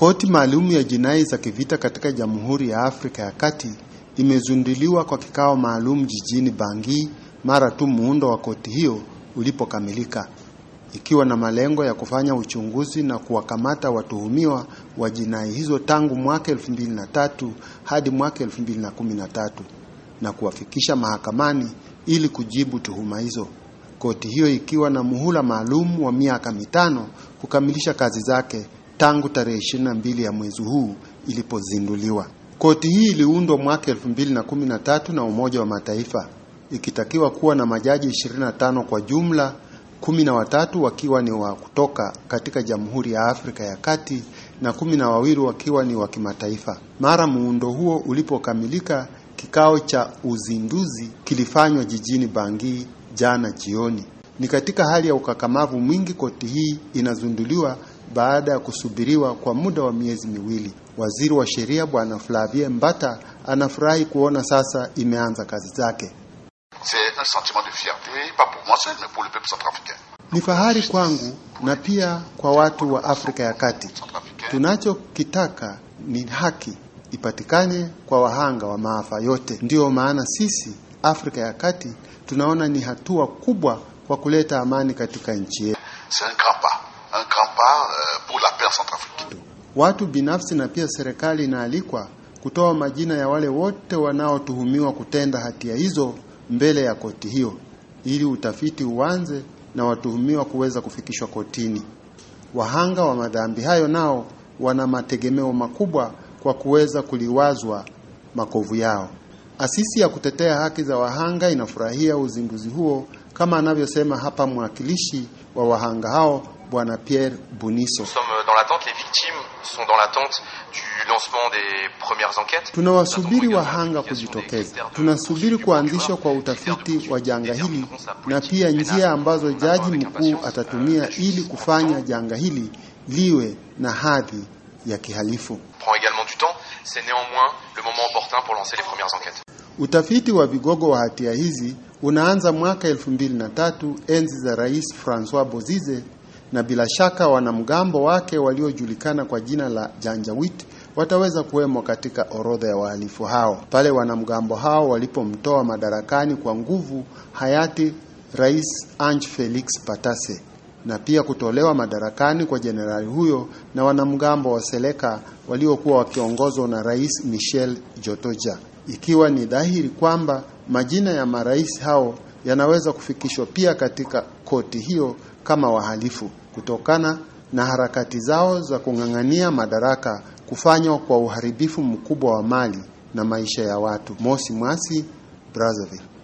Koti maalum ya jinai za kivita katika Jamhuri ya Afrika ya Kati imezunduliwa kwa kikao maalum jijini Bangui mara tu muundo wa koti hiyo ulipokamilika, ikiwa na malengo ya kufanya uchunguzi na kuwakamata watuhumiwa wa jinai hizo tangu mwaka 2003 hadi mwaka 2013 na kuwafikisha mahakamani ili kujibu tuhuma hizo. Koti hiyo ikiwa na muhula maalum wa miaka mitano kukamilisha kazi zake tangu tarehe 22 ya mwezi huu ilipozinduliwa. Koti hii iliundwa mwaka 2013 na Umoja wa Mataifa ikitakiwa kuwa na majaji 25 kwa jumla, kumi na watatu wakiwa ni wa kutoka katika Jamhuri ya Afrika ya Kati na kumi na wawili wakiwa ni wa kimataifa. Mara muundo huo ulipokamilika, kikao cha uzinduzi kilifanywa jijini Bangui jana jioni. Ni katika hali ya ukakamavu mwingi koti hii inazinduliwa baada ya kusubiriwa kwa muda wa miezi miwili. Waziri wa sheria Bwana Flavie Mbata anafurahi kuona sasa imeanza kazi zake. Ni fahari kwangu na pia kwa watu wa Afrika ya Kati. Tunachokitaka ni haki ipatikane kwa wahanga wa maafa yote. Ndiyo maana sisi Afrika ya Kati tunaona ni hatua kubwa kwa kuleta amani katika nchi yetu uh, pour la paix Centrafrique. Watu binafsi na pia serikali inaalikwa kutoa majina ya wale wote wanaotuhumiwa kutenda hatia hizo mbele ya koti hiyo ili utafiti uanze na watuhumiwa kuweza kufikishwa kotini. Wahanga wa madhambi hayo nao wana mategemeo makubwa kwa kuweza kuliwazwa makovu yao. Asisi ya kutetea haki za wahanga inafurahia uzinduzi huo, kama anavyosema hapa mwakilishi wa wahanga hao Bwana Pierre Boniso. Nous sommes dans l'attente, les victimes sont dans l'attente du lancement des premières enquêtes. Tunawasubiri wahanga kujitokeza, tunasubiri kuanzishwa kwa utafiti wa janga hili na pia njia ambazo jaji mkuu atatumia ili kufanya janga hili liwe na hadhi ya kihalifu. Prend également du temps, c'est néanmoins le moment opportun pour lancer les premières enquêtes. Utafiti wa vigogo wa hatia hizi unaanza mwaka 2003 enzi za Rais Francois Bozize na bila shaka wanamgambo wake waliojulikana kwa jina la Janjawid wataweza kuwemo katika orodha ya wahalifu hao pale wanamgambo hao walipomtoa madarakani kwa nguvu hayati Rais Ange Felix Patase na pia kutolewa madarakani kwa jenerali huyo na wanamgambo wa Seleka waliokuwa wakiongozwa na Rais Michel Jotoja, ikiwa ni dhahiri kwamba majina ya marais hao yanaweza kufikishwa pia katika koti hiyo kama wahalifu kutokana na harakati zao za kung'ang'ania madaraka kufanywa kwa uharibifu mkubwa wa mali na maisha ya watu. Mosi Mwasi, Brazzaville.